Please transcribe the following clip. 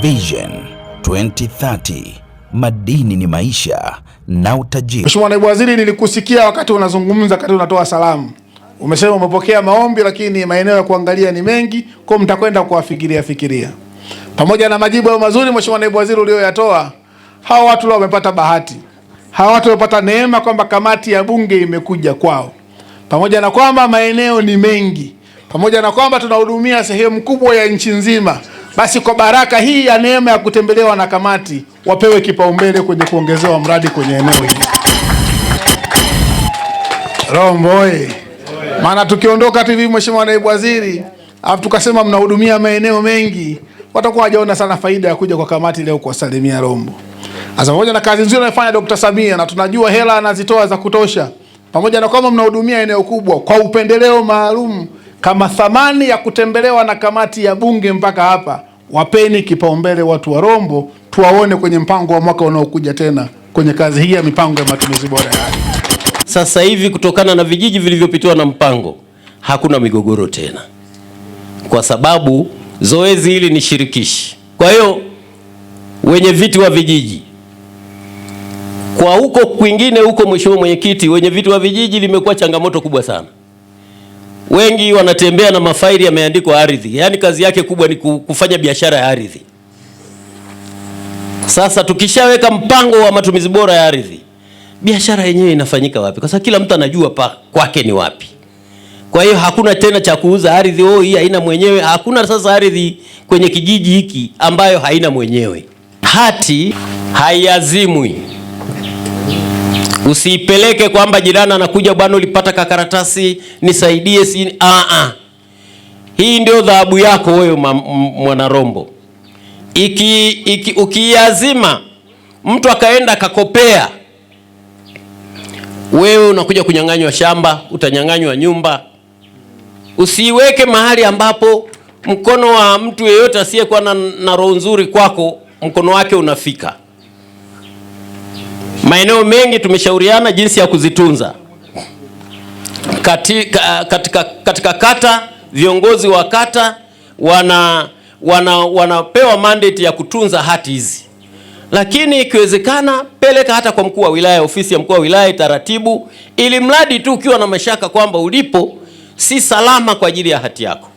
Vision 2030 madini ni maisha na utajiri. Mheshimiwa Naibu Waziri, nilikusikia wakati unazungumza, wakati unatoa salamu, umesema umepokea maombi, lakini maeneo ya kuangalia ni mengi, kwa mtakwenda kuwafikiria fikiria. Pamoja na majibu hayo mazuri, Mheshimiwa Naibu Waziri, uliyoyatoa, hawa watu leo wamepata bahati, hawa watu wamepata neema kwamba kamati ya Bunge imekuja kwao, pamoja na kwamba maeneo ni mengi, pamoja na kwamba tunahudumia sehemu kubwa ya nchi nzima basi kwa baraka hii ya neema ya kutembelewa na kamati, wapewe kipaumbele kwenye kuongezewa mradi kwenye eneo hili Romboe. Maana tukiondoka TV, Mheshimiwa Naibu Waziri, afu tukasema mnahudumia maeneo mengi, watakuwa hawajaona sana faida ya kuja kwa kamati leo kuwasalimia Rombo. Sasa pamoja na kazi nzuri anayofanya Dr. Samia na tunajua hela anazitoa za kutosha, pamoja na kwamba mnahudumia eneo kubwa kwa upendeleo maalum, kama thamani ya kutembelewa na kamati ya Bunge mpaka hapa, wapeni kipaumbele watu wa Rombo, tuwaone kwenye mpango wa mwaka unaokuja tena kwenye kazi hii ya mipango ya matumizi bora ya ardhi. Sasa hivi kutokana na vijiji vilivyopitiwa na mpango hakuna migogoro tena, kwa sababu zoezi hili ni shirikishi. Kwa hiyo wenye viti wa vijiji kwa huko kwingine huko, mheshimiwa mwenyekiti, wenye viti wa vijiji limekuwa changamoto kubwa sana. Wengi wanatembea na mafaili yameandikwa ardhi, yaani kazi yake kubwa ni kufanya biashara ya ardhi. Sasa tukishaweka mpango wa matumizi bora ya ardhi, biashara yenyewe inafanyika wapi? Kwa sababu kila mtu anajua pa kwake ni wapi. Kwa hiyo hakuna tena cha kuuza ardhi, oh, hii haina mwenyewe. Hakuna sasa ardhi kwenye kijiji hiki ambayo haina mwenyewe. Hati haiazimwi. Usiipeleke kwamba jirani anakuja, bwana, ulipata kakaratasi nisaidie, si a ah, a. Ah. Hii ndio dhahabu yako wewe mwanarombo. Iki, iki ukiazima mtu akaenda akakopea, wewe unakuja kunyang'anywa shamba, utanyang'anywa nyumba. Usiiweke mahali ambapo mkono wa mtu yeyote asiyekuwa na roho nzuri kwako mkono wake unafika. Maeneo mengi tumeshauriana jinsi ya kuzitunza katika, katika, katika kata. Viongozi wa kata wana, wana, wanapewa mandate ya kutunza hati hizi, lakini ikiwezekana peleka hata kwa mkuu wa wilaya, ofisi ya mkuu wa wilaya taratibu, ili mradi tu ukiwa na mashaka kwamba ulipo si salama kwa ajili ya hati yako.